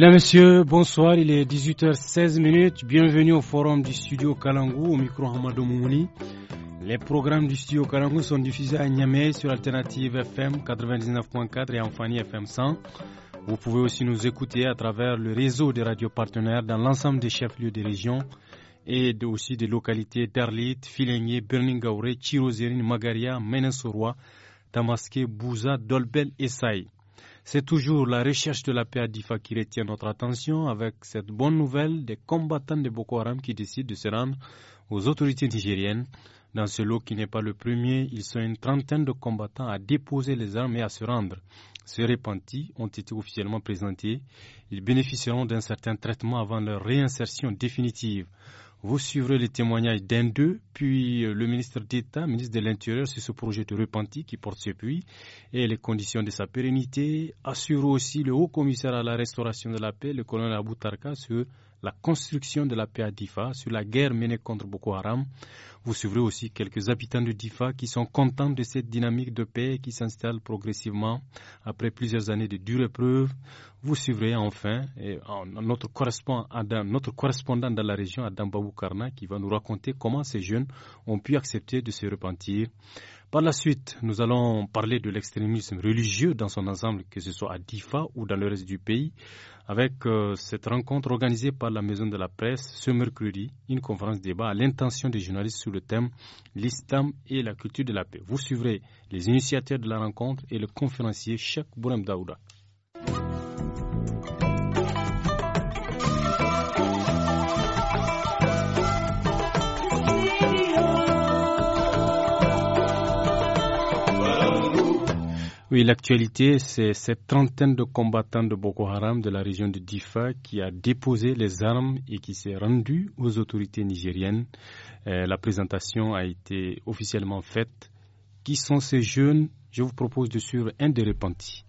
Mesdames, Messieurs, bonsoir. Il est 18h16 minutes. Bienvenue au forum du studio Kalangou au micro Hamadou Moumouni. Les programmes du studio Kalangou sont diffusés à Niamey sur Alternative FM 99.4 et en FM 100. Vous pouvez aussi nous écouter à travers le réseau des radios partenaires dans l'ensemble des chefs-lieux des régions et aussi des localités d'Arlit, Filengue, Berningaure, Chirozérine, Magaria, Menesoroa, Tamaské, Bouza, Dolbel et Saï. C'est toujours la recherche de la paix à Difa qui retient notre attention avec cette bonne nouvelle des combattants de Boko Haram qui décident de se rendre aux autorités nigériennes. Dans ce lot qui n'est pas le premier, ils sont une trentaine de combattants à déposer les armes et à se rendre. Ces repentis ont été officiellement présentés. Ils bénéficieront d'un certain traitement avant leur réinsertion définitive. Vous suivrez les témoignages d'un d'eux, puis euh, le ministre d'État, ministre de l'Intérieur, sur ce projet de repenti qui porte ce puits et les conditions de sa pérennité. Assurez aussi le haut commissaire à la restauration de la paix, le colonel Abou Tarka, sur la construction de la paix à Difa, sur la guerre menée contre Boko Haram. Vous suivrez aussi quelques habitants de Difa qui sont contents de cette dynamique de paix qui s'installe progressivement après plusieurs années de dures épreuves. Vous suivrez enfin notre, correspondant, notre correspondant dans la région, Adam Babou Karna, qui va nous raconter comment ces jeunes ont pu accepter de se repentir. Par la suite, nous allons parler de l'extrémisme religieux dans son ensemble, que ce soit à Difa ou dans le reste du pays, avec euh, cette rencontre organisée par la Maison de la Presse ce mercredi, une conférence débat à l'intention des journalistes sur le thème L'islam et la culture de la paix. Vous suivrez les initiateurs de la rencontre et le conférencier Cheikh Bourem Daouda. Oui, l'actualité, c'est cette trentaine de combattants de Boko Haram de la région de Difa qui a déposé les armes et qui s'est rendu aux autorités nigériennes. Euh, la présentation a été officiellement faite. Qui sont ces jeunes Je vous propose de suivre un des repentis.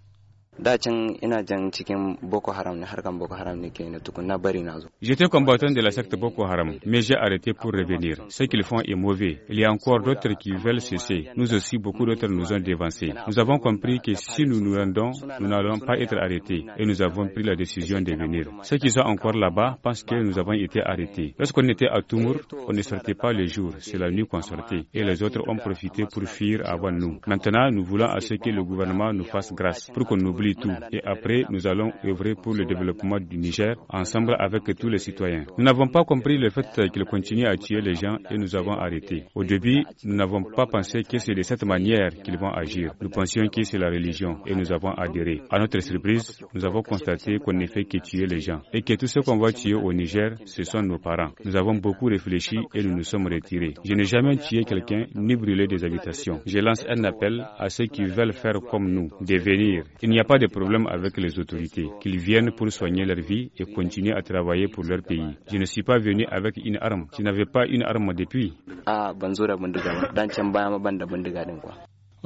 J'étais combattant de la secte Boko Haram, mais j'ai arrêté pour revenir. Ce qu'ils font est mauvais. Il y a encore d'autres qui veulent cesser. Nous aussi, beaucoup d'autres nous ont dévancés. Nous avons compris que si nous nous rendons, nous n'allons pas être arrêtés et nous avons pris la décision de venir. Ceux qui sont encore là-bas pensent que nous avons été arrêtés. Lorsqu'on était à Tumur, on ne sortait pas le jour, c'est la nuit qu'on sortait et les autres ont profité pour fuir avant nous. Maintenant, nous voulons à ce que le gouvernement nous fasse grâce pour qu'on oublie tout. Et après, nous allons œuvrer pour le développement du Niger ensemble avec tous les citoyens. Nous n'avons pas compris le fait qu'ils continuent à tuer les gens et nous avons arrêté. Au début, nous n'avons pas pensé que c'est de cette manière qu'ils vont agir. Nous pensions que c'est la religion et nous avons adhéré. À notre surprise, nous avons constaté qu'on n'est fait que tuer les gens et que tout ce qu'on voit tuer au Niger, ce sont nos parents. Nous avons beaucoup réfléchi et nous nous sommes retirés. Je n'ai jamais tué quelqu'un ni brûlé des habitations. Je lance un appel à ceux qui veulent faire comme nous, de venir. Il n'y a pas de problème avec les autorités, qu'ils viennent pour soigner leur vie et continuer à travailler pour leur pays. Je ne suis pas venu avec une arme, je n'avais pas une arme depuis. Ah,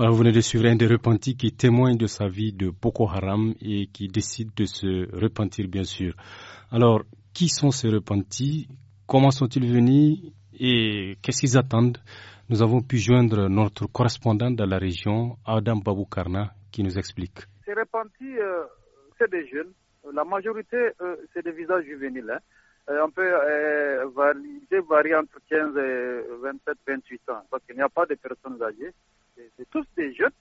vous venez de suivre un des repentis qui témoigne de sa vie de Boko Haram et qui décide de se repentir, bien sûr. Alors, qui sont ces repentis Comment sont-ils venus et qu'est-ce qu'ils attendent Nous avons pu joindre notre correspondant dans la région, Adam Baboukarna, qui nous explique c'est répandu, euh, c'est des jeunes. La majorité, euh, c'est des visages juvéniles. Hein. Euh, on peut valider, varier entre 15 et 27, 28 ans, parce qu'il n'y a pas de personnes âgées. C'est tous des jeunes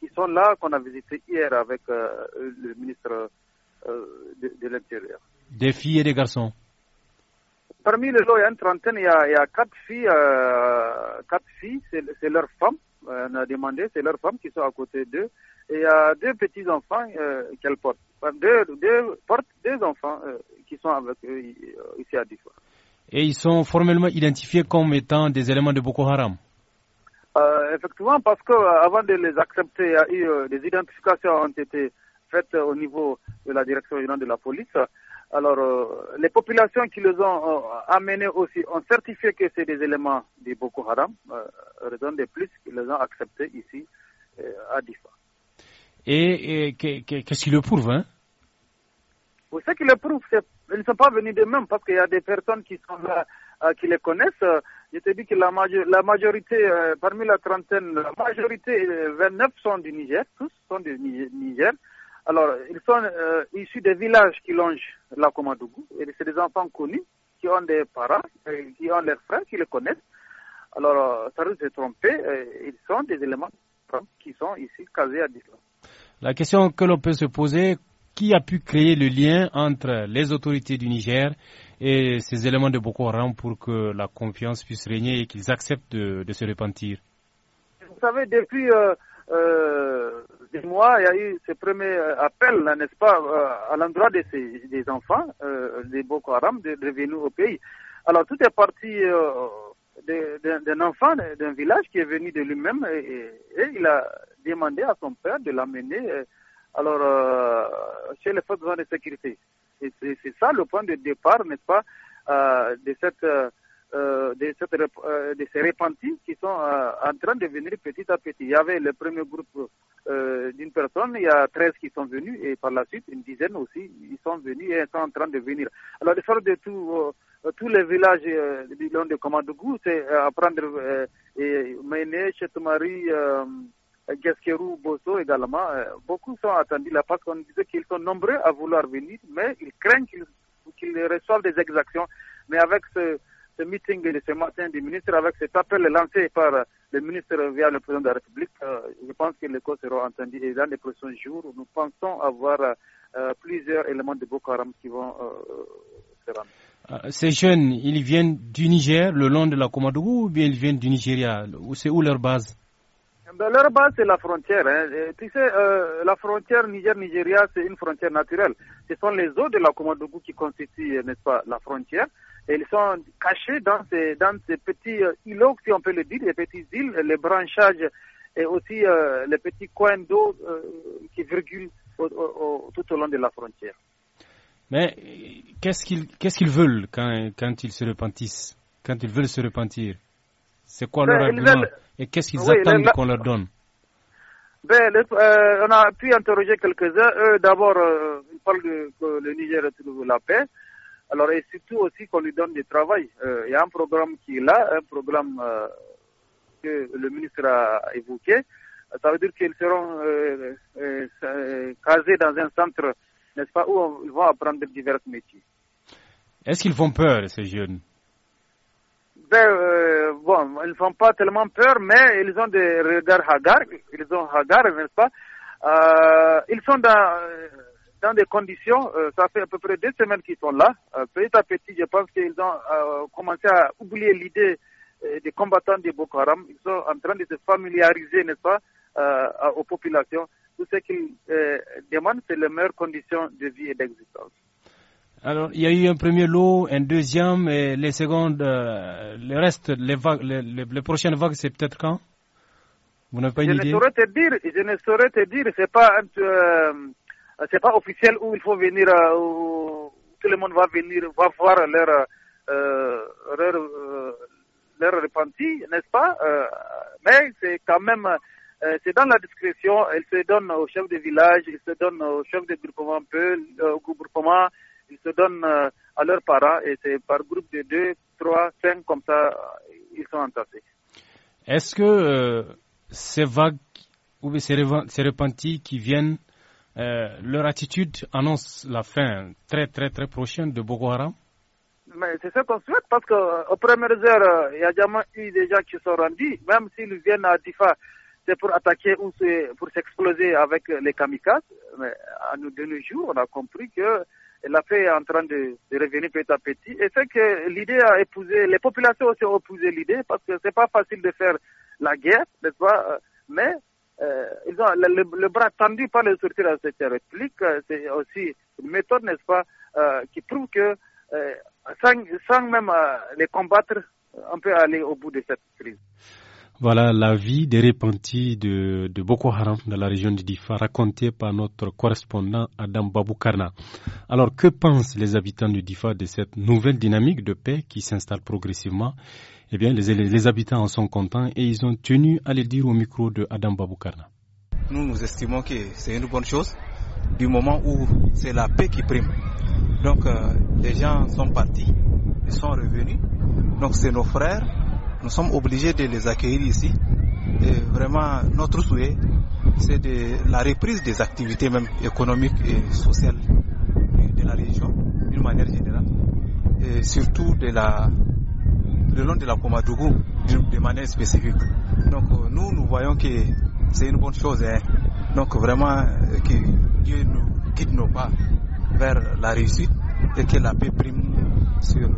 qui sont là, qu'on a visité hier avec le ministre de, l'Intérieur. Des filles et des garçons Parmi les gens, il y a une trentaine, il y a, quatre filles, quatre filles, c'est leur femme. on a demandé, c'est leurs femme qui sont à côté d'eux il y a deux petits-enfants euh, qu'elle porte. Deux, deux, porte deux enfants euh, qui sont avec eux euh, ici à Difa. Et ils sont formellement identifiés comme étant des éléments de Boko Haram euh, Effectivement, parce que avant de les accepter, il y a eu, des identifications ont été faites au niveau de la direction générale de la police. Alors, les populations qui les ont amenés aussi ont certifié que c'est des éléments de Boko Haram, euh, raison de plus qu'ils les ont acceptés ici à Difa et, qu'est-ce qui le prouve hein? Ce qui le prouve, c'est qu'ils ne sont pas venus de même parce qu'il y a des personnes qui sont euh, qui les connaissent. Euh, je te dis que la, majorité, euh, parmi la trentaine, la majorité, 29 sont du Niger, tous sont du Niger. Alors, ils sont issus des villages qui longent la Komadougou. Et c'est des enfants connus qui ont des parents, qui ont leurs frères, qui les connaissent. Alors, ça risque de tromper. Ils sont des éléments qui sont ici casés à distance. La question que l'on peut se poser, qui a pu créer le lien entre les autorités du Niger et ces éléments de Boko Haram pour que la confiance puisse régner et qu'ils acceptent de, se repentir Vous savez, depuis euh, euh, des mois, il y a eu ce premier euh, appel, n'est-ce pas, euh, à l'endroit de des enfants euh, des Boko Haram de revenir au pays. Alors tout est parti euh, d'un enfant d'un village qui est venu de lui-même et il a demandé à son père de l'amener euh, alors euh, chez les forces de sécurité. C'est ça le point de départ, n'est-ce pas, euh, de cette de, cette, de ces repentis qui sont en train de venir petit à petit. Il y avait le premier groupe d'une personne, il y a 13 qui sont venus et par la suite une dizaine aussi, ils sont venus et sont en train de venir. Alors de faire de tous les villages du long de Komadougou, c'est apprendre à et mener Gaskerou, Boso également, euh, beaucoup sont attendus La parce qu'on disait qu'ils sont nombreux à vouloir venir, mais ils craignent qu'ils reçoivent des exactions. Mais avec ce, meeting de ce matin du ministre, avec cet appel lancé par le ministre via le président de la République, euh, je pense que les causes seront entendues. Et dans les prochains jours, nous pensons avoir euh, plusieurs éléments de Boko Haram qui vont se rendre. Ces jeunes, ils viennent du Niger le long de la Komadougou ou bien ils viennent du Nigeria C'est où leur base ben, leur base, c'est la frontière. Hein. tu sais, euh, la frontière Niger-Nigeria, c'est une frontière naturelle. Ce sont les eaux de la Komodogu qui constituent, euh, n'est-ce pas, la frontière. Et ils sont cachés dans ces, dans ces petits euh, îlots, si on peut le dire, les petites îles, les branchages et aussi les petits coins d'eau qui virgulent tout au long de la frontière. Mais qu'est-ce qu'ils veulent quand, quand ils se repentissent, quand ils veulent se repentir c'est quoi leur ben, Et qu'est-ce qu'ils attendent qu'on leur donne ben, euh, On a pu interroger quelques-uns. Eux, d'abord, euh, ils parlent de, que le Niger retrouve la paix. Alors, et surtout aussi qu'on lui donne du travail. Euh, il y a un programme qui est là, un programme que le ministre a évoqué. Ça veut dire qu'ils seront casés dans un centre, n'est-ce pas, où ils vont apprendre divers métiers. Est-ce qu'ils font peur, ces jeunes ben, euh, bon, ils font pas tellement peur, mais ils ont des regards hagards, ils ont hagards, n'est-ce pas euh, Ils sont dans, dans des conditions, euh, ça fait à peu près deux semaines qu'ils sont là. petit à petit, je pense qu'ils ont commencé à oublier l'idée des combattants de Boko Haram. Ils sont en train de se familiariser, n'est-ce pas, aux populations. Tout ce qu'ils demandent, c'est les meilleures conditions de vie et d'existence. Alors, il y a eu un premier lot, un deuxième, et les secondes, euh, le reste, les, les, prochaines vagues, c'est peut-être quand Vous n'avez pas je ne saurais te dire, Je ne saurais te dire, c'est pas, euh, c'est pas officiel où il faut venir, euh, où tout le monde va venir, va voir leur, euh, repenti, n'est-ce pas Mais c'est quand même, c'est dans la discrétion, elle se donne au chef de village, elle se donne au chef de groupement, peu, au groupement ils se donnent euh, à leurs parents et c'est par groupe de 2, 3, 5 comme ça, euh, ils sont entassés. Est-ce que euh, ces vagues ou ces, repentis qui viennent, leur attitude annonce la fin très très très prochaine de Boko Haram mais c'est ce qu'on souhaite parce qu'aux premières heures, il y a déjà eu des gens qui sont rendus, même s'ils viennent à Difa, c'est pour attaquer ou pour s'exploser avec les kamikazes. Mais à nous, deux le jours, on a compris que la paix est en train de, revenir petit à petit. Et c'est que l'idée a épousé, les populations aussi ont épousé l'idée parce que c'est pas facile de faire la guerre, n'est-ce pas euh, Mais euh, ils ont le, bras tendu par les sortir de cette réplique. Euh, c'est aussi une méthode, n'est-ce pas, qui prouve que sans, même les combattre, on peut aller au bout de cette crise. Voilà la vie des répentis de, Boko Haram dans la région du Difa, racontée par notre correspondant Adam Baboukarna. Alors, que pensent les habitants du Difa de cette nouvelle dynamique de paix qui s'installe progressivement Eh bien, les, habitants en sont contents et ils ont tenu à le dire au micro de Adam Baboukarna. Nous, nous estimons que c'est une bonne chose du moment où c'est la paix qui prime. Donc, euh, les gens sont partis, ils sont revenus. Donc, c'est nos frères nous sommes obligés de les accueillir ici. Et vraiment, notre souhait, c'est de la reprise des activités même économiques et sociales de la région, d'une manière générale, et surtout de la, le long de la Pomadougou, de manière spécifique. Donc euh, nous, nous voyons que c'est une bonne chose. Hein. Donc vraiment, euh, que Dieu nous guide nos pas vers la réussite et que la paix prime sur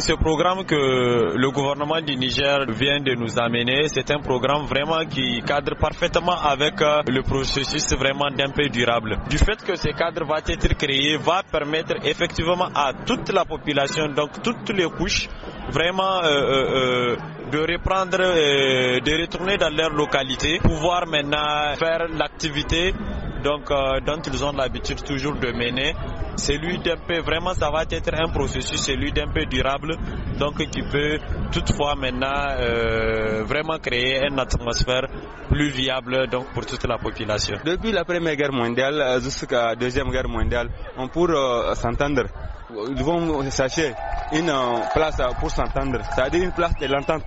ce programme que le gouvernement du Niger vient de nous amener, c'est un programme vraiment qui cadre parfaitement avec euh, le processus vraiment d'un pays durable. Du fait que ce cadre va être créé, va permettre effectivement à toute la population, donc toutes les couches, vraiment euh, euh, de reprendre, de retourner dans leur localité, pouvoir maintenant faire l'activité donc, euh, dont ils ont l'habitude toujours de mener. Celui d'un peu, vraiment, ça va être un processus, celui d'un peu durable, donc qui peut toutefois maintenant euh, vraiment créer une atmosphère plus viable donc, pour toute la population. Depuis la Première Guerre mondiale euh, jusqu'à la Deuxième Guerre mondiale, on pourrait s'entendre ils vont chercher une place pour s'entendre, c'est-à-dire une place de l'entente.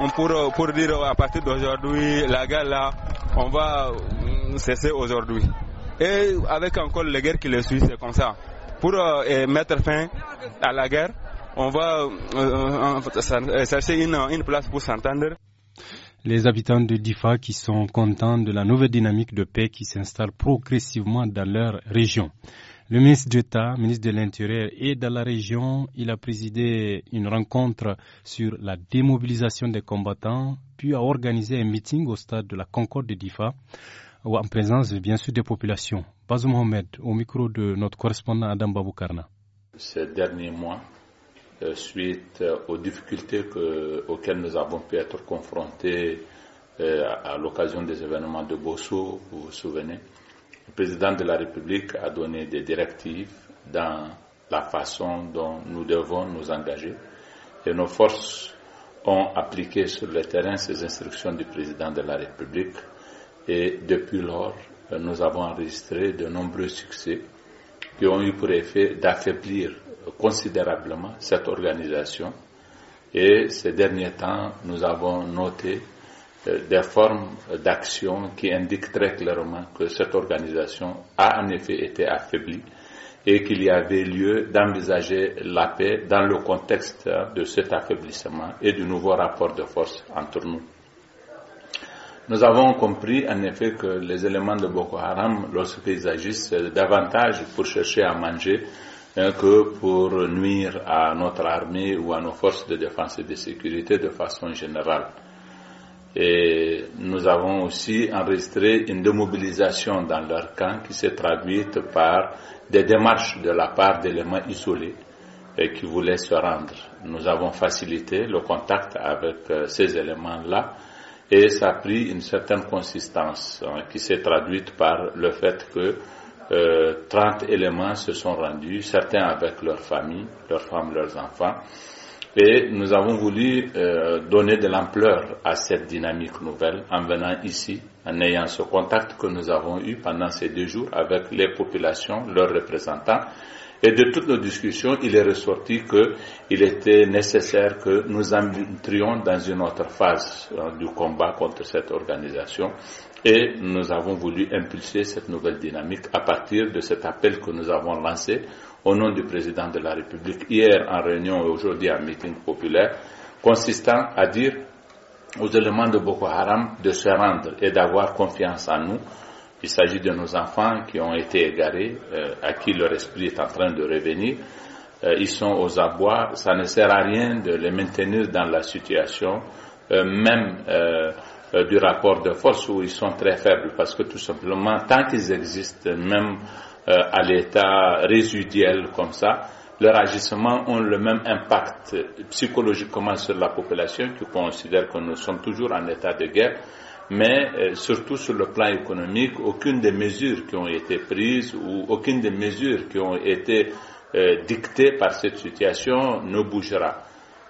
On pour, dire à partir d'aujourd'hui, la guerre, là, on va cesser aujourd'hui. Et avec encore les guerres qui les suivent, c'est comme ça. Pour euh, mettre fin à la guerre, on va euh, euh, chercher une, une place pour s'entendre. Les habitants de Difa qui sont contents de la nouvelle dynamique de paix qui s'installe progressivement dans leur région. Le ministre d'État, ministre de l'Intérieur est dans la région. Il a présidé une rencontre sur la démobilisation des combattants, puis a organisé un meeting au stade de la Concorde de Difa ou en présence bien sûr des populations. Bazou Mohamed, au micro de notre correspondant Adam Baboukarna. Ces derniers mois, euh, suite euh, aux difficultés auxquelles nous avons pu être confrontés euh, à l'occasion des événements de Bosso, vous vous souvenez, le président de la République a donné des directives dans la façon dont nous devons nous engager et nos forces ont appliqué sur le terrain ces instructions du président de la République et depuis lors, euh, nous avons enregistré de nombreux succès qui ont eu pour effet d'affaiblir considérablement cette organisation. Et ces derniers temps, nous avons noté euh, des formes d'action qui indiquent très clairement que cette organisation a en effet été affaiblie et qu'il y avait lieu d'envisager la paix dans le contexte de cet affaiblissement et du nouveau rapport de force entre nous. Nous avons compris en effet que les éléments de Boko Haram, lorsqu'ils agissent, c'est davantage pour chercher à manger hein, que pour nuire à notre armée ou à nos forces de défense et de sécurité de façon générale. Et nous avons aussi enregistré une démobilisation dans leur camp qui s'est traduite par des démarches de la part d'éléments isolés et qui voulaient se rendre. Nous avons facilité le contact avec euh, ces éléments-là et ça a pris une certaine consistance hein, qui s'est traduite par le fait que euh, 30 éléments se sont rendus, certains avec leurs familles, leurs femmes, leurs enfants. Et nous avons voulu euh, donner de l'ampleur à cette dynamique nouvelle en venant ici, en ayant ce contact que nous avons eu pendant ces deux jours avec les populations, leurs représentants, et de toutes nos discussions, il est ressorti qu'il était nécessaire que nous entrions dans une autre phase hein, du combat contre cette organisation. Et nous avons voulu impulser cette nouvelle dynamique à partir de cet appel que nous avons lancé au nom du président de la République hier en réunion et aujourd'hui en meeting populaire, consistant à dire aux éléments de Boko Haram de se rendre et d'avoir confiance en nous il s'agit de nos enfants qui ont été égarés, euh, à qui leur esprit est en train de revenir. Euh, ils sont aux abois. Ça ne sert à rien de les maintenir dans la situation, euh, même du rapport de force où ils sont très faibles, parce que tout simplement, tant qu'ils existent, même à l'état résiduel comme ça, leurs agissements ont le même impact psychologiquement sur la population qui considère que nous sommes toujours en état de guerre mais euh, surtout sur le plan économique, aucune des mesures qui ont été prises ou aucune des mesures qui ont été euh, dictées par cette situation ne bougera.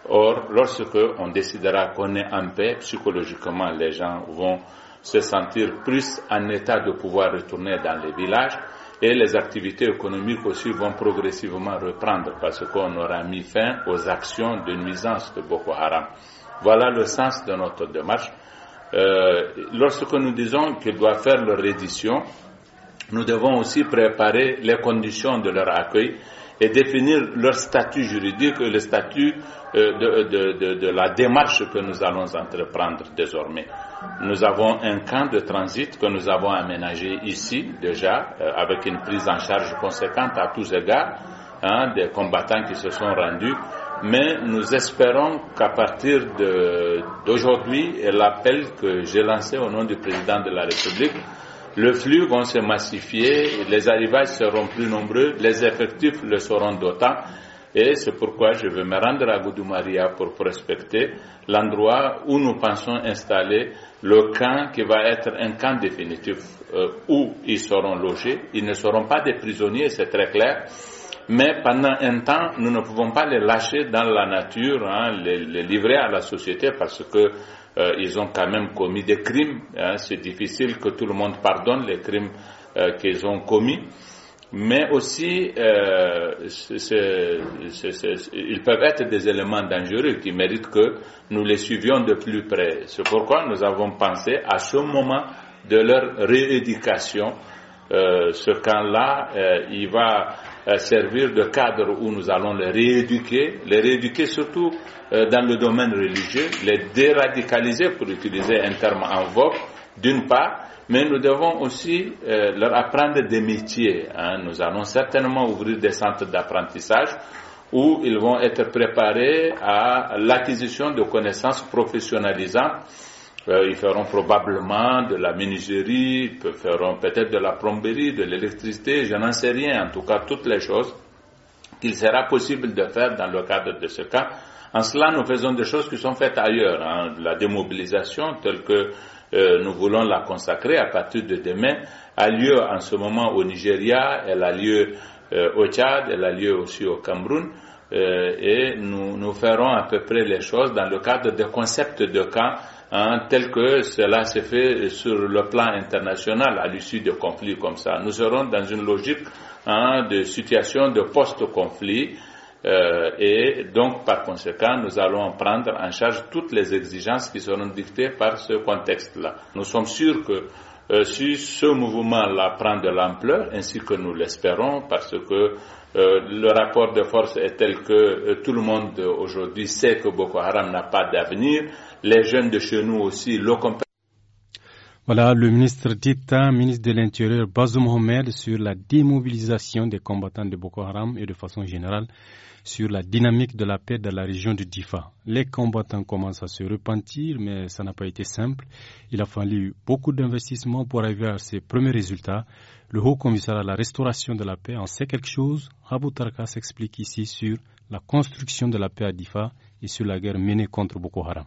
Or, lorsque on décidera qu'on est en paix, psychologiquement, les gens vont se sentir plus en état de pouvoir retourner dans les villages et les activités économiques aussi vont progressivement reprendre parce qu'on aura mis fin aux actions de nuisance de Boko Haram. Voilà le sens de notre démarche. Euh, lorsque nous disons qu'ils doivent faire leur reddition, nous devons aussi préparer les conditions de leur accueil et définir leur statut juridique et le statut euh, de, la démarche que nous allons entreprendre désormais. Nous avons un camp de transit que nous avons aménagé ici déjà, euh, avec une prise en charge conséquente à tous égards hein, des combattants qui se sont rendus mais nous espérons qu'à partir d'aujourd'hui et l'appel que j'ai lancé au nom du président de la République, le flux va se massifier, les arrivages seront plus nombreux, les effectifs le seront d'autant. Et c'est pourquoi je veux me rendre à Goudou-Maria pour prospecter l'endroit où nous pensons installer le camp qui va être un camp définitif euh, où ils seront logés. Ils ne seront pas des prisonniers, c'est très clair mais pendant un temps, nous ne pouvons pas les lâcher dans la nature, hein, les, livrer à la société parce que euh, ils ont quand même commis des crimes. Hein. c'est difficile que tout le monde pardonne les crimes euh, qu'ils ont commis. Mais aussi, euh, ils peuvent être des éléments dangereux qui méritent que nous les suivions de plus près. C'est pourquoi nous avons pensé à ce moment de leur rééducation. ce camp-là, il va euh, servir de cadre où nous allons les rééduquer, les rééduquer surtout euh, dans le domaine religieux, les déradicaliser pour utiliser un terme en vogue, d'une part, mais nous devons aussi euh, leur apprendre des métiers. Hein. Nous allons certainement ouvrir des centres d'apprentissage où ils vont être préparés à l'acquisition de connaissances professionnalisantes ils feront probablement de la menuiserie, ils feront peut-être de la plomberie, de l'électricité, je n'en sais rien. En tout cas, toutes les choses qu'il sera possible de faire dans le cadre de ce cas. En cela, nous faisons des choses qui sont faites ailleurs. Hein. La démobilisation telle que euh, nous voulons la consacrer à partir de demain a lieu en ce moment au Nigeria, elle a lieu euh, au Tchad, elle a lieu aussi au Cameroun. Euh, et nous, nous ferons à peu près les choses dans le cadre des concepts de cas. Hein, tel que cela s'est fait sur le plan international à l'issue de conflits comme ça. Nous serons dans une logique hein, de situation de post-conflit euh, et donc par conséquent nous allons prendre en charge toutes les exigences qui seront dictées par ce contexte-là. Nous sommes sûrs que euh, si ce mouvement-là prend de l'ampleur, ainsi que nous l'espérons, parce que euh, le rapport de force est tel que euh, tout le monde aujourd'hui sait que Boko Haram n'a pas d'avenir, les jeunes de chez nous aussi Voilà le ministre d'État, ministre de l'Intérieur, Bazoum Mohamed, sur la démobilisation des combattants de Boko Haram et de façon générale sur la dynamique de la paix dans la région de Difa. Les combattants commencent à se repentir, mais ça n'a pas été simple. Il a fallu beaucoup d'investissements pour arriver à ces premiers résultats. Le haut commissaire à la restauration de la paix en sait quelque chose. Rabou Tarka s'explique ici sur la construction de la paix à Difa et sur la guerre menée contre Boko Haram.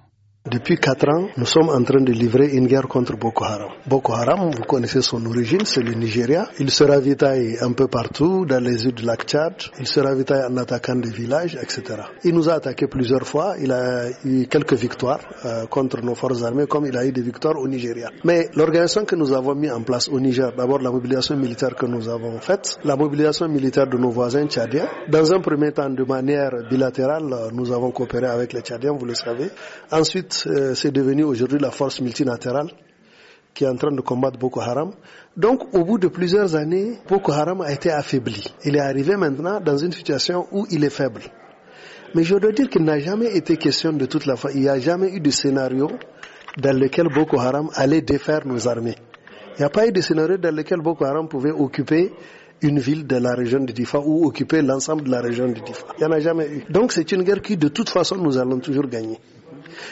Depuis quatre ans, nous sommes en train de livrer une guerre contre Boko Haram. Boko Haram, vous connaissez son origine, c'est le Nigeria. Il se ravitaille un peu partout, dans les îles du lac Tchad. Il se ravitaille en attaquant des villages, etc. Il nous a attaqué plusieurs fois. Il a eu quelques victoires euh, contre nos forces armées, comme il a eu des victoires au Nigeria. Mais l'organisation que nous avons mis en place au Niger, d'abord la mobilisation militaire que nous avons faite, la mobilisation militaire de nos voisins tchadiens. Dans un premier temps, de manière bilatérale, nous avons coopéré avec les Tchadiens, vous le savez. Ensuite, euh, c'est devenu aujourd'hui la force multilatérale qui est en train de combattre Boko Haram. Donc, au bout de plusieurs années, Boko Haram a été affaibli. Il est arrivé maintenant dans une situation où il est faible. Mais je dois dire qu'il n'a jamais été question de toute la fois. Il n'y a jamais eu de scénario dans lequel Boko Haram allait défaire nos armées. Il n'y a pas eu de scénario dans lequel Boko Haram pouvait occuper une ville de la région de Difa ou occuper l'ensemble de la région de Difa. Il n'y en a jamais eu. Donc c'est une guerre qui, de toute façon, nous allons toujours gagner.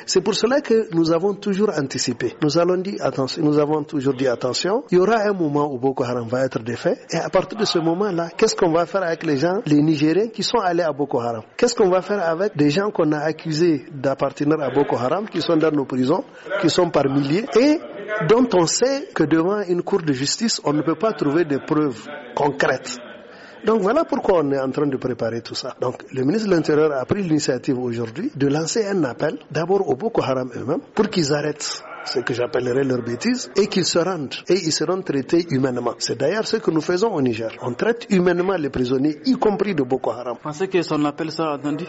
C'est pour cela que nous avons toujours anticipé. Nous nous avons toujours dit attention. Il y aura un moment où Boko Haram va être défait. Et à partir de ce moment-là, qu'est-ce qu'on va faire avec les gens, les Nigériens qui sont allés à Boko Haram Qu'est-ce qu'on va faire avec des gens qu'on a accusés d'appartenir à Boko Haram, qui sont dans nos prisons, qui sont par milliers et dont on sait que devant une cour de justice, on ne peut pas trouver de preuves concrètes. Donc voilà pourquoi on est en train de préparer tout ça. Donc le ministre de l'Intérieur a pris l'initiative aujourd'hui de lancer un appel d'abord au Boko Haram eux-mêmes pour qu'ils arrêtent ce que j'appellerais leur bêtise, et qu'ils se rendent. Et ils seront traités humainement. C'est d'ailleurs ce que nous faisons au Niger. On traite humainement les prisonniers, y compris de Boko Haram. Pensez que son appel sera entendu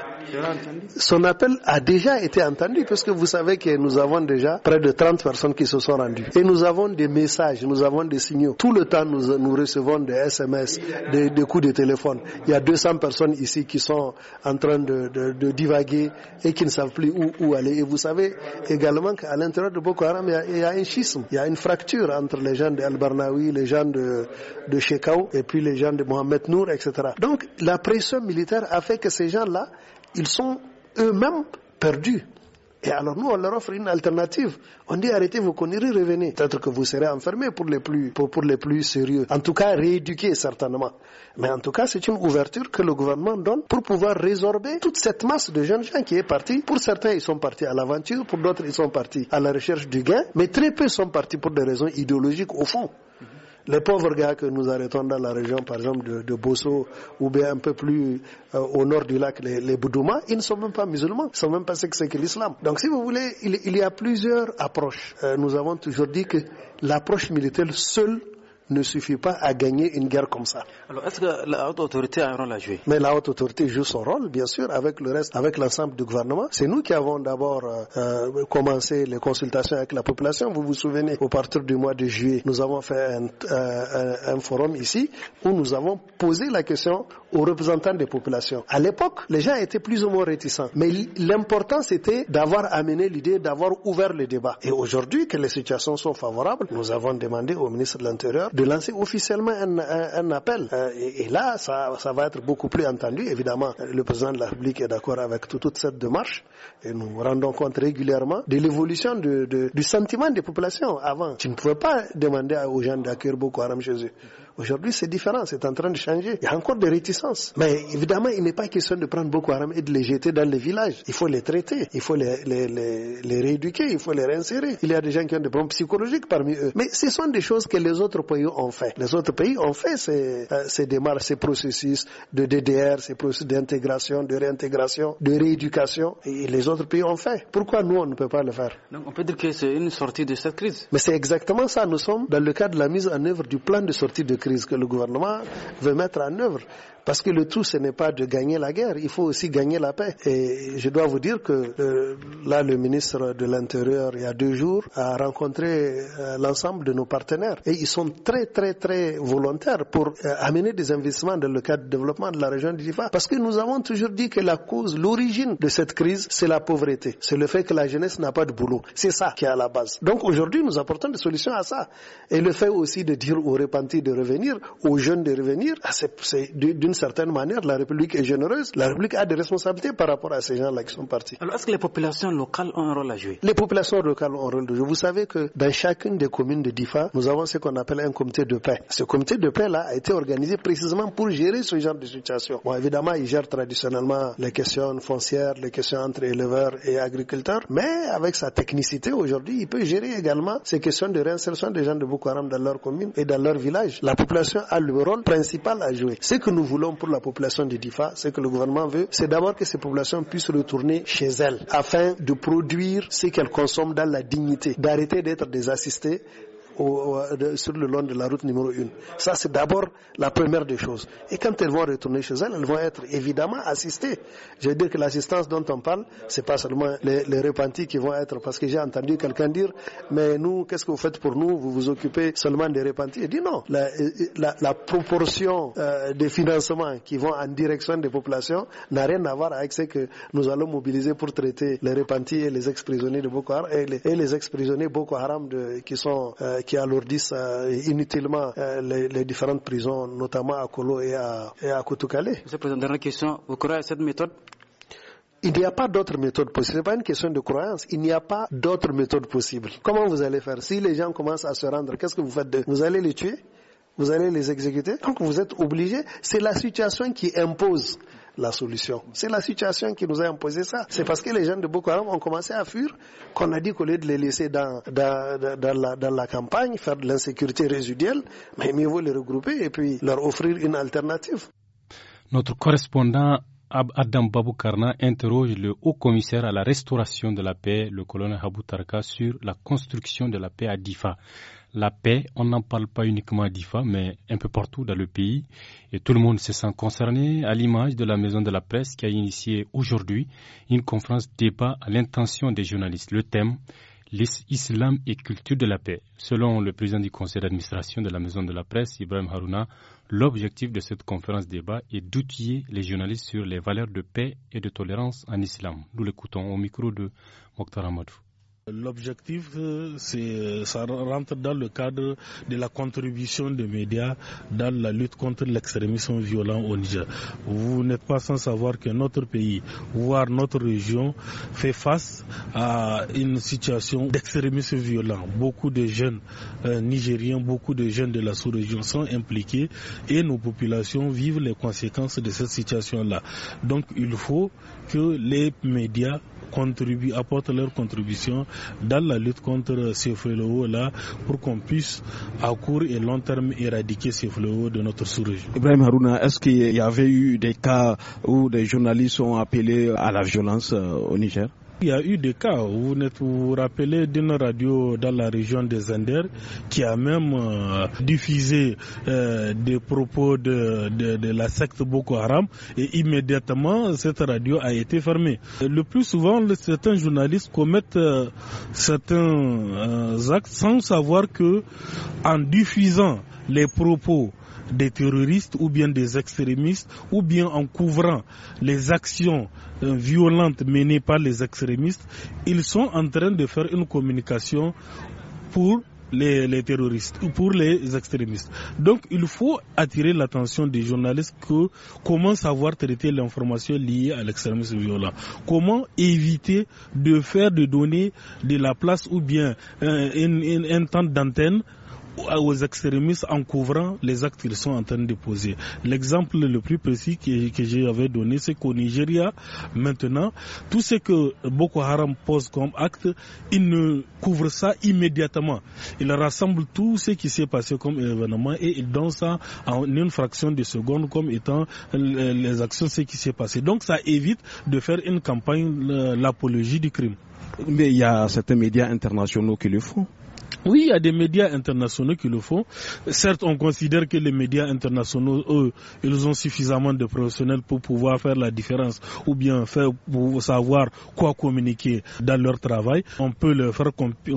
Son appel a déjà été entendu, parce que vous savez que nous avons déjà près de 30 personnes qui se sont rendues. Et nous avons des messages, nous avons des signaux. Tout le temps, nous, nous recevons des SMS, des, coups de téléphone. Il y a 200 personnes ici qui sont en train de, divaguer et qui ne savent plus où, où aller. Et vous savez également qu'à l'intérieur de Boko il y, a un schisme, il y a une fracture entre les gens de al les gens de, de et puis les gens de Mohamed Nour, etc. Donc la pression militaire a fait que ces gens-là, ils sont eux-mêmes perdus. Et alors nous, on leur offre une alternative. On dit arrêtez vous conneries, revenez. Peut-être que vous serez enfermés pour les plus, pour, pour les plus sérieux. En tout cas, rééduqués certainement. Mais en tout cas, c'est une ouverture que le gouvernement donne pour pouvoir résorber toute cette masse de jeunes gens qui est partie. Pour certains, ils sont partis à l'aventure, pour d'autres, ils sont partis à la recherche du gain, mais très peu sont partis pour des raisons idéologiques au fond. Les pauvres gars que nous arrêtons dans la région, par exemple, de, Bosso, ou bien un peu plus euh, au nord du lac, les, Boudouma, ils ne sont même pas musulmans, ils ne sont même pas ce que c'est l'islam. Donc, si vous voulez, il, y a plusieurs approches. Euh, nous avons toujours dit que l'approche militaire seule ne suffit pas à gagner une guerre comme ça. Alors, est-ce que la haute autorité a un rôle à jouer Mais la haute autorité joue son rôle, bien sûr, avec le reste, avec l'ensemble du gouvernement. C'est nous qui avons d'abord euh, euh, commencé les consultations avec la population. Vous vous souvenez, au partir du mois de juillet, nous avons fait euh, un, un forum ici où nous avons posé la question aux représentants des populations. À l'époque, les gens étaient plus ou moins réticents, mais l'important c'était d'avoir amené l'idée, d'avoir ouvert le débat. Et aujourd'hui, que les situations sont favorables, nous avons demandé au ministre de l'Intérieur de lancer officiellement un, appel. Euh, et, là, ça, ça va être beaucoup plus entendu. Évidemment, le président de la République est d'accord avec toute cette démarche. Et nous rendons compte régulièrement de l'évolution de, de, du sentiment des populations avant. Tu ne pouvais pas demander aux gens d'accueillir beaucoup à chez Aujourd'hui, c'est différent, c'est en train de changer. Il y a encore des réticences. Mais évidemment, il n'est pas question de prendre Boko Haram et de les jeter dans les villages. Il faut les traiter, il faut les, les, les, rééduquer, il faut les réinsérer. Il y a des gens qui ont des problèmes psychologiques parmi eux. Mais ce sont des choses que les autres pays ont fait. Les autres pays ont fait ces, euh, ces démarches, ces processus de DDR, ces processus d'intégration, de réintégration, de rééducation. Et les autres pays ont fait. Pourquoi nous, on ne peut pas le faire Donc on peut dire que c'est une sortie de cette crise. Mais c'est exactement ça. Nous sommes dans le cadre de la mise en œuvre du plan de sortie de crise crise que le gouvernement veut mettre en œuvre. Parce que le tout, ce n'est pas de gagner la guerre, il faut aussi gagner la paix. Et je dois vous dire que euh, là, le ministre de l'Intérieur, il y a deux jours, a rencontré euh, l'ensemble de nos partenaires. Et ils sont très, très, très volontaires pour euh, amener des investissements dans le cadre du développement de la région d'Ifa. Parce que nous avons toujours dit que la cause, l'origine de cette crise, c'est la pauvreté. C'est le fait que la jeunesse n'a pas de boulot. C'est ça qui est à la base. Donc aujourd'hui, nous apportons des solutions à ça. Et le fait aussi de dire aux repentis de revenir aux jeunes de revenir. Ah, d'une certaine manière, la République est généreuse. La République a des responsabilités par rapport à ces gens-là qui sont partis. Alors, est-ce que les populations locales ont un rôle à jouer Les populations locales ont un rôle à jouer. Vous savez que dans chacune des communes de Difa, nous avons ce qu'on appelle un comité de paix. Ce comité de paix-là a été organisé précisément pour gérer ce genre de situation. évidemment, il gère traditionnellement les questions foncières, les questions entre éleveurs et agriculteurs, mais avec sa technicité aujourd'hui, il peut gérer également ces questions de réinsertion des gens de Boko Haram dans leur commune et dans leur village. La la population a le rôle principal à jouer. Ce que nous voulons pour la population de Difa, ce que le gouvernement veut, c'est d'abord que ces populations puissent retourner chez elles afin de produire ce qu'elles consomment dans la dignité, d'arrêter d'être des assistés, euh, sur le long de la route numéro 1. Ça, c'est d'abord la première des choses. Et quand elles vont retourner chez elles, elles vont être évidemment assistées. Je veux dire que l'assistance dont on parle, c'est pas seulement les, repentis qui vont être, parce que j'ai entendu quelqu'un dire, mais nous, qu'est-ce que vous faites pour nous Vous vous occupez seulement des repentis. Et dit non. La, proportion euh, des financements qui vont en direction des populations n'a rien à voir avec ce que nous allons mobiliser pour traiter les repentis et les ex-prisonniers de Boko Haram et les, les ex-prisonniers Boko Haram de, qui sont euh, qui alourdissent euh, inutilement euh, les, différentes prisons, notamment à Kolo et à, et à Koutoukale. Monsieur le Président, dernière question. Vous croyez à cette méthode il n'y a pas d'autre méthode possible. Ce n'est pas une question de croyance. Il n'y a pas d'autre méthode possible. Comment vous allez faire Si les gens commencent à se rendre, qu'est-ce que vous faites Vous allez les tuer Vous allez les exécuter Donc vous êtes obligé C'est la situation qui impose la solution. C'est la situation qui nous a imposé ça. C'est parce que les gens de Boko Haram ont commencé à fuir qu'on a dit qu'au lieu de les laisser dans, la, campagne, faire de l'insécurité résiduelle, mais mieux vaut les regrouper et puis leur offrir une alternative. Notre correspondant Adam Baboukarna interroge le haut commissaire à la restauration de la paix, le colonel Habou sur la construction de la paix à Difa. La paix, on n'en parle pas uniquement à Difa, mais un peu partout dans le pays. Et tout le monde se sent concerné, à l'image de la maison de la presse qui a initié aujourd'hui une conférence débat à l'intention des journalistes. Le thème, l'islam et culture de la paix. Selon le président du conseil d'administration de la maison de la presse, Ibrahim Harouna, l'objectif de cette conférence débat est d'outiller les journalistes sur les valeurs de paix et de tolérance en islam. Nous l'écoutons au micro de Mokhtar Amadou. L'objectif, euh, c'est euh, ça rentre dans le cadre de la contribution des médias dans la lutte contre l'extrémisme violent au Niger. Vous n'êtes pas sans savoir que notre pays, voire notre région, fait face à une situation d'extrémisme violent. Beaucoup de jeunes euh, nigériens, beaucoup de jeunes de la sous-région sont impliqués et nos populations vivent les conséquences de cette situation-là. Donc il faut que les médias contribuent, apportent leur contribution dans la lutte contre ces fléaux-là pour qu'on puisse à court et long terme éradiquer ces fléaux de notre sous-région. Ibrahim Harouna, est-ce qu'il y avait eu des cas où des journalistes ont appelé à la violence euh, au Niger il y a eu des cas, vous vous rappelez d'une radio dans la région des Anders qui a même euh, diffusé euh, des propos de, la secte Boko Haram et immédiatement cette radio a été fermée. Le plus souvent, certains journalistes commettent euh, certains actes sans savoir que en diffusant les propos des terroristes ou bien des extrémistes ou bien en couvrant les actions euh, violentes menées par les extrémistes, ils sont en train de faire une communication pour les, terroristes ou pour les extrémistes. Donc il faut attirer l'attention des journalistes que comment savoir traiter l'information liée à l'extrémisme violent, comment éviter de faire de donner de la place ou bien euh, un temps d'antenne aux extrémistes en couvrant les actes qu'ils sont en train de poser. L'exemple le plus précis que, j'avais donné, c'est qu'au Nigeria, maintenant, tout ce que Boko Haram pose comme acte, il ne couvre ça immédiatement. Il rassemble tout ce qui s'est passé comme événement et il donne ça en une fraction de seconde comme étant les actions, ce qui s'est passé. Donc ça évite de faire une campagne, euh, l'apologie du crime. Mais il y a certains médias internationaux qui le font. Oui, il y a des médias internationaux qui le font. Certes, on considère que les médias internationaux, eux, ils ont suffisamment de professionnels pour pouvoir faire la différence ou bien faire pour savoir quoi communiquer dans leur travail. On peut leur faire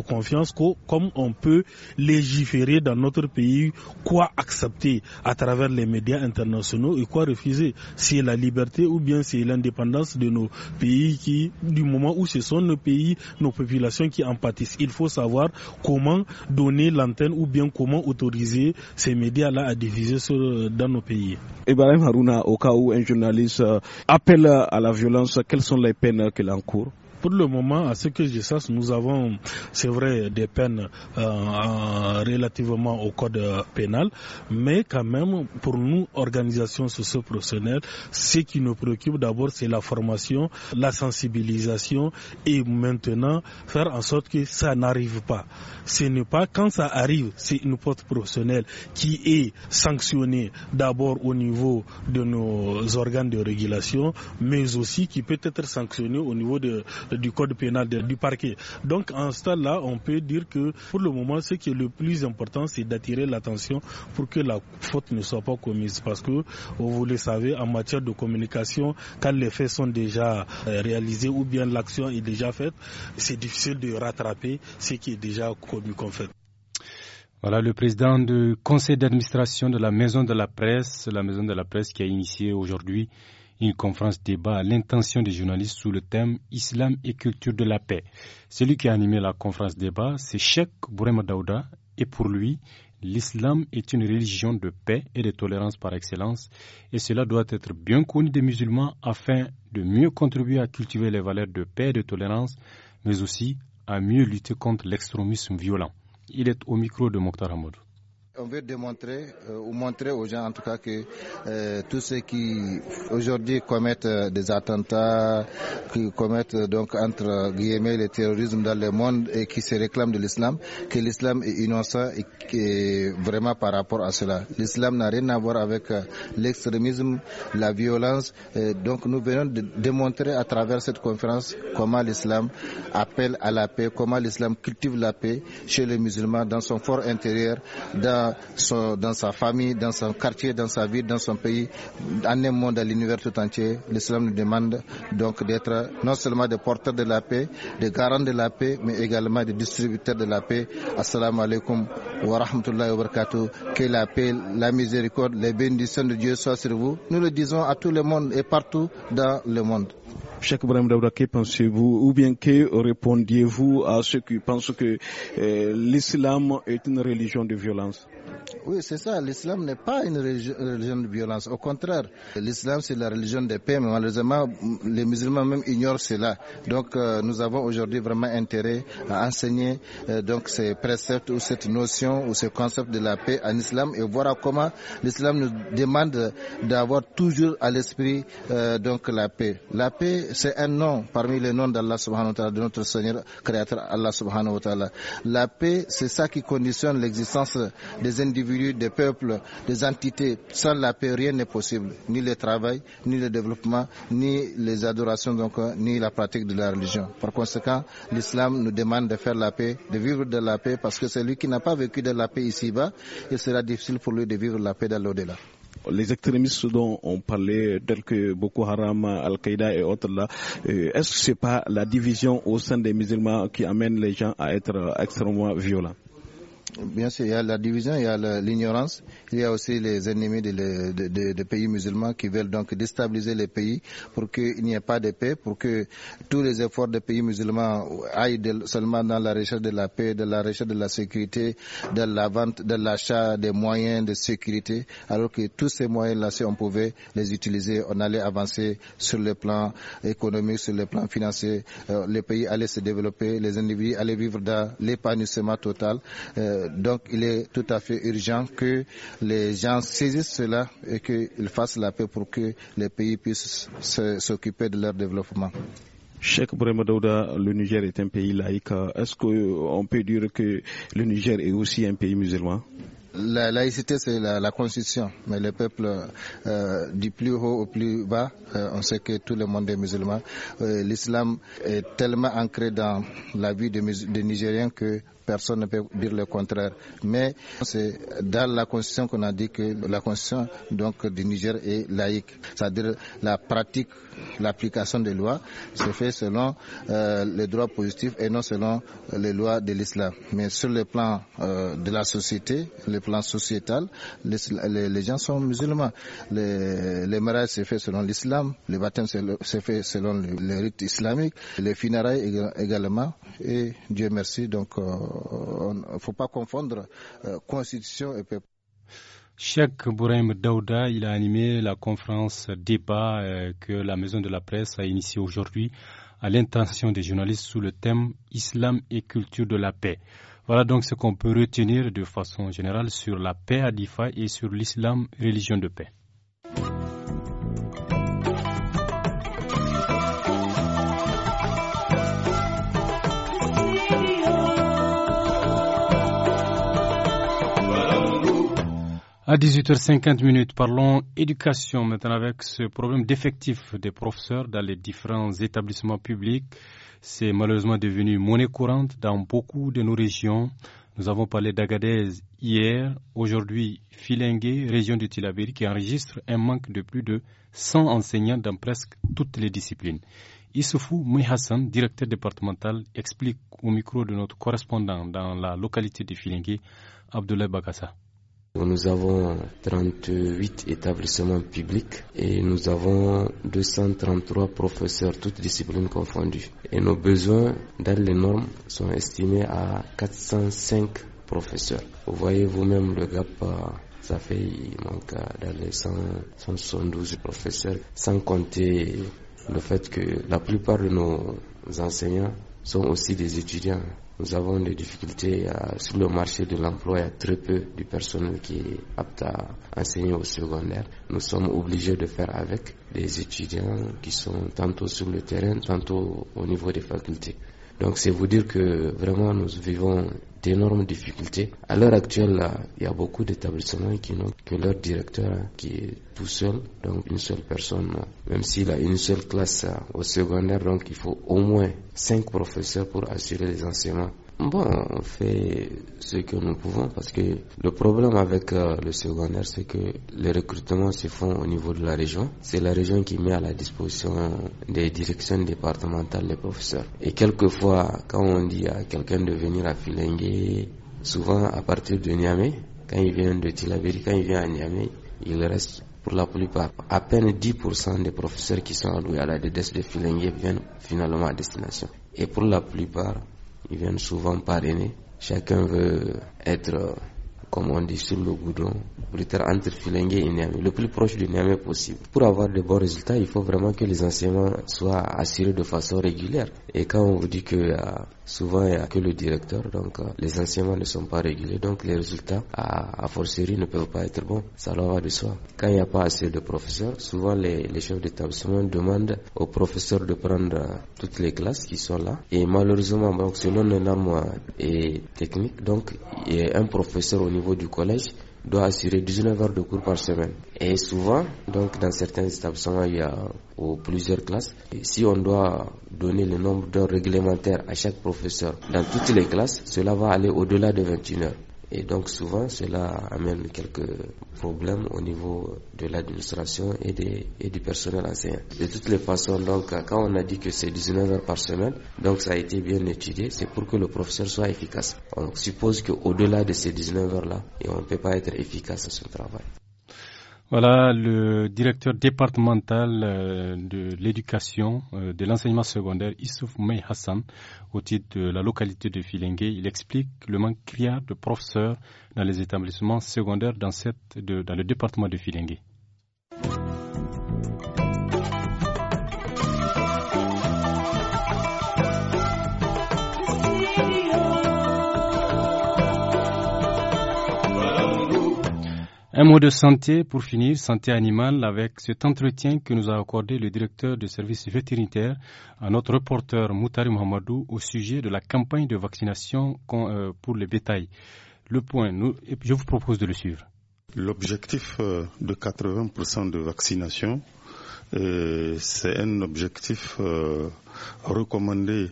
confiance comme on peut légiférer dans notre pays quoi accepter à travers les médias internationaux et quoi refuser. C'est la liberté ou bien c'est l'indépendance de nos pays qui, du moment où ce sont nos pays, nos populations qui en pâtissent. Il faut savoir comment donner l'antenne ou bien comment autoriser ces médias-là à diviser euh, dans nos pays. Ibrahim Harouna, au cas où un journaliste euh, appelle à la violence, quelles sont les peines qu'il encourt pour le moment, à ce que je sache, nous avons, c'est vrai, des peines euh, relativement au code pénal, mais quand même, pour nous, organisations socio-professionnelles, ce qui nous préoccupe d'abord, c'est la formation, la sensibilisation et maintenant faire en sorte que ça n'arrive pas. Ce n'est pas quand ça arrive, c'est une porte professionnelle qui est sanctionnée d'abord au niveau de nos organes de régulation, mais aussi qui peut être sanctionnée au niveau de, euh, du code pénal du parquet. Donc en ce là on peut dire que pour le moment, ce qui est le plus important, c'est d'attirer l'attention pour que la faute ne soit pas commise. Parce que, oh, vous le savez, en matière de communication, quand les faits sont déjà euh, réalisés ou bien l'action est déjà faite, c'est difficile de rattraper ce qui est déjà commis comme fait. Voilà le président du conseil d'administration de la Maison de la Presse, la Maison de la Presse qui a initié aujourd'hui une conférence débat à l'intention des journalistes sous le thème Islam et culture de la paix. Celui qui a animé la conférence débat, c'est Sheikh Bourema Daouda, et pour lui, l'islam est une religion de paix et de tolérance par excellence, et cela doit être bien connu des musulmans afin de mieux contribuer à cultiver les valeurs de paix et de tolérance, mais aussi à mieux lutter contre l'extrémisme violent. Il est au micro de Mokhtar Hamoud on veut démontrer euh, ou montrer aux gens en tout cas que euh, tous ceux qui aujourd'hui commettent euh, des attentats, qui commettent donc entre guillemets le terrorisme dans le monde et qui se réclament de l'islam, que l'islam est innocent et, vraiment par rapport à cela. L'islam n'a rien à voir avec l'extrémisme, la violence. donc nous venons de démontrer à travers cette conférence comment l'islam appelle à la paix, comment l'islam cultive la paix chez les musulmans dans son fort intérieur, dans dans, sa famille, dans son quartier, dans sa ville, dans son pays, en un monde, à l'univers tout entier, l'islam nous demande donc d'être non seulement des porteurs de la paix, des garants de la paix, mais également des distributeurs de la paix. Assalamu alaikum wa rahmatullahi wa barakatuh. Que la paix, la miséricorde, les bénédictions de Dieu soient sur vous. Nous le disons à tout le monde et partout dans le monde. Cheikh Ibrahim Dabra, pensez-vous ou bien que répondiez-vous à ceux qui pensent que euh, l'islam est une religion de violence oui, c'est ça. L'islam n'est pas une religion de violence. Au contraire, l'islam, c'est la religion de paix. Mais malheureusement, les musulmans même ignorent cela. Donc, euh, nous avons aujourd'hui vraiment intérêt à enseigner euh, donc ces préceptes ou cette notion ou ce concept de la paix en islam et voir comment l'islam nous demande d'avoir toujours à l'esprit euh, donc la paix. La paix, c'est un nom parmi les noms d'Allah subhanahu wa ta'ala, de notre Seigneur créateur Allah subhanahu wa ta'ala. La paix, c'est ça qui conditionne l'existence des individus, des peuples, des entités. Sans la paix, rien n'est possible. Ni le travail, ni le développement, ni les adorations, euh, ni la pratique de la religion. Par conséquent, l'islam nous demande de faire la paix, de vivre de la paix, parce que celui qui n'a pas vécu de la paix ici-bas, il sera difficile pour lui de vivre la paix dans l'au-delà les extrémistes dont on parlait, tels que Boko Haram, Al-Qaïda et autres, euh, est-ce que ce n'est pas la division au sein des musulmans qui amène les gens à être euh, extrêmement violents Bien sûr, il y a la division, il y a l'ignorance, il y a aussi les ennemis des pays musulmans qui veulent donc déstabiliser les pays pour qu'il n'y ait pas de paix, pour que tous les efforts des pays musulmans aillent seulement dans la recherche de la paix, de la recherche de la sécurité, de la vente, de l'achat des moyens de sécurité, alors que tous ces moyens-là, si on pouvait les utiliser, on allait avancer sur le plan économique, sur le plan financier, euh, les pays allaient se développer, les individus allaient vivre dans l'épanouissement total. Euh, donc il est tout à fait urgent que les gens saisissent cela et qu'ils fassent la paix pour que les pays puissent s'occuper de leur développement. Cheikh Bourema le Niger est un pays laïque. Est-ce qu'on euh, peut dire que le Niger est aussi un pays musulman la laïcité, c'est la, constitution, mais le peuple, euh, du plus haut au plus bas, euh, on sait que tout le monde est musulman. L'islam est tellement ancré dans la vie des Nigériens que personne ne peut dire le contraire. Mais c'est dans la Constitution qu'on a dit que la Constitution donc, du Niger est laïque. C'est-à-dire la pratique, l'application des lois se fait selon euh, les droits positifs et non selon les lois de l'islam. Mais sur le plan euh, de la société, le plan sociétal, les, gens sont musulmans. Les, les mariages se fait selon l'islam, Les baptêmes se fait selon les rites islamiques. les funérailles également. Et Dieu merci, donc euh, ne faut pas confondre euh, constitution et peuple. Cheikh Bouraïm Daouda, il a animé la conférence débat euh, que la Maison de la Presse a initiée aujourd'hui à l'intention des journalistes sous le thème Islam et culture de la paix. Voilà donc ce qu'on peut retenir de façon générale sur la paix à Difa et sur l'islam religion de paix. À 18h50 parlons éducation maintenant avec ce problème d'effectif des professeurs dans les différents établissements publics. C'est malheureusement devenu monnaie courante dans beaucoup de nos régions. Nous avons parlé d'Agadez hier, aujourd'hui Filengue, région du Tilabéri, qui enregistre un manque de plus de 100 enseignants dans presque toutes les disciplines. Issoufou Mouihassan, directeur départemental, explique au micro de notre correspondant dans la localité de Filingué, Abdoulaye Bagassa. Nous avons 38 établissements publics et nous avons 233 professeurs, toutes disciplines confondues. Et nos besoins dans les normes sont estimés à 405 professeurs. Vous voyez vous-même le gap, euh, ça fait, euh, dans les 172 professeurs, sans compter le fait que la plupart de nos enseignants sont aussi des étudiants. Nous avons des difficultés euh, sur le marché de l'emploi. Il y a très peu du personnel qui est apte à enseigner au secondaire. Nous sommes obligés de faire avec des étudiants qui sont tantôt sur le terrain, tantôt au niveau des facultés. Donc c'est vous dire que vraiment nous vivons d'énormes difficultés. À l'heure actuelle, il y a beaucoup d'établissements qui n'ont que leur directeur qui est tout seul, donc une seule personne. Même s'il a une seule classe au secondaire, donc il faut au moins cinq professeurs pour assurer les enseignements. Bon, on fait ce que nous pouvons parce que le problème avec euh, le secondaire, c'est que les recrutements se font au niveau de la région. C'est la région qui met à la disposition des directions départementales les professeurs. Et quelquefois, quand on dit à quelqu'un de venir à Filengue, souvent à partir de Niamey, quand il vient de Tilaberi, quand il vient à Niamey, il reste pour la plupart, à peine 10% des professeurs qui sont alloués à la DDS de Filengue viennent finalement à destination. Et pour la plupart, ils viennent souvent parrainer. Chacun veut être euh, comme on dit, sur le goudron, entre et le plus proche du Niamey possible. Pour avoir de bons résultats, il faut vraiment que les enseignements soient assurés de façon régulière. Et quand on vous dit que euh, souvent il n'y a que le directeur, donc euh, les enseignements ne sont pas réguliers, donc les résultats à, à forcerie ne peuvent pas être bons. Ça leur va de soi. Quand il n'y a pas assez de professeurs, souvent les, chefs d'établissement demandent aux professeurs de prendre euh, toutes les classes qui sont là. Et malheureusement, donc, selon les normes et techniques, donc il y a un professeur au niveau niveau du collège doit assurer 19 heures de cours par semaine. Et souvent, donc dans certains établissements, il y a plusieurs classes. si on doit donner le nombre d'heures réglementaires à chaque professeur dans toutes les classes, cela va aller au-delà de 21 heures. Et donc souvent, cela amène quelques problèmes au niveau de l'administration et, des, et du personnel enseignant. De toutes les façons, donc, quand on a dit que c'est 19 heures par semaine, donc ça a été bien étudié, c'est pour que le professeur soit efficace. On suppose qu'au-delà de ces 19 heures-là, on ne peut pas être efficace à ce travail. Voilà le directeur départemental euh, de l'éducation euh, de l'enseignement secondaire Issouf May Hassan au titre de la localité de Filingue. Il explique le manque criard de professeurs dans les établissements secondaires dans, cette, dans le département de Filingue. Un mot de santé pour finir, santé animale, avec cet entretien que nous a accordé le directeur du service vétérinaire à notre reporter Moutari Mohamadou au sujet de la campagne de vaccination euh, pour les bétails. Le point, je vous propose de le suivre. L'objectif euh, de 80% de vaccination, euh, c'est un objectif recommandé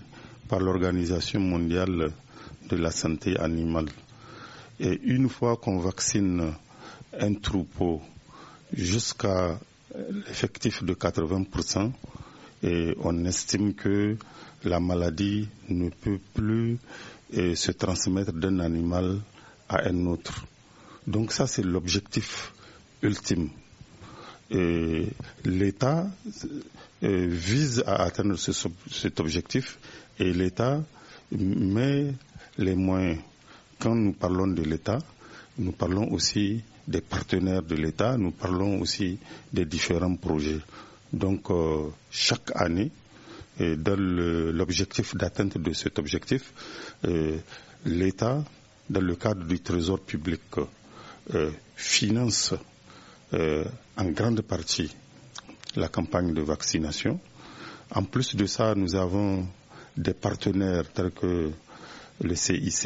par l'Organisation mondiale de la santé animale. Et une fois qu'on vaccine un troupeau jusqu'à l'effectif de 80%, et on estime que la maladie ne peut plus euh, se transmettre d'un animal à un autre. Donc ça, c'est l'objectif ultime. l'État euh, vise à atteindre cet objectif et l'État met les moyens. Quand nous parlons de l'État, nous parlons aussi des partenaires de l'État, nous parlons aussi des différents projets. Donc euh, chaque année, euh, dans l'objectif d'atteinte de cet objectif, euh, l'État, dans le cadre du Trésor public, finance en grande partie la campagne de vaccination. En plus de ça, nous avons des partenaires tels que le CIC,